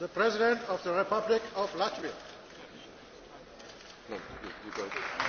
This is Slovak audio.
the President of the Republic of Latvia. No, you, you go.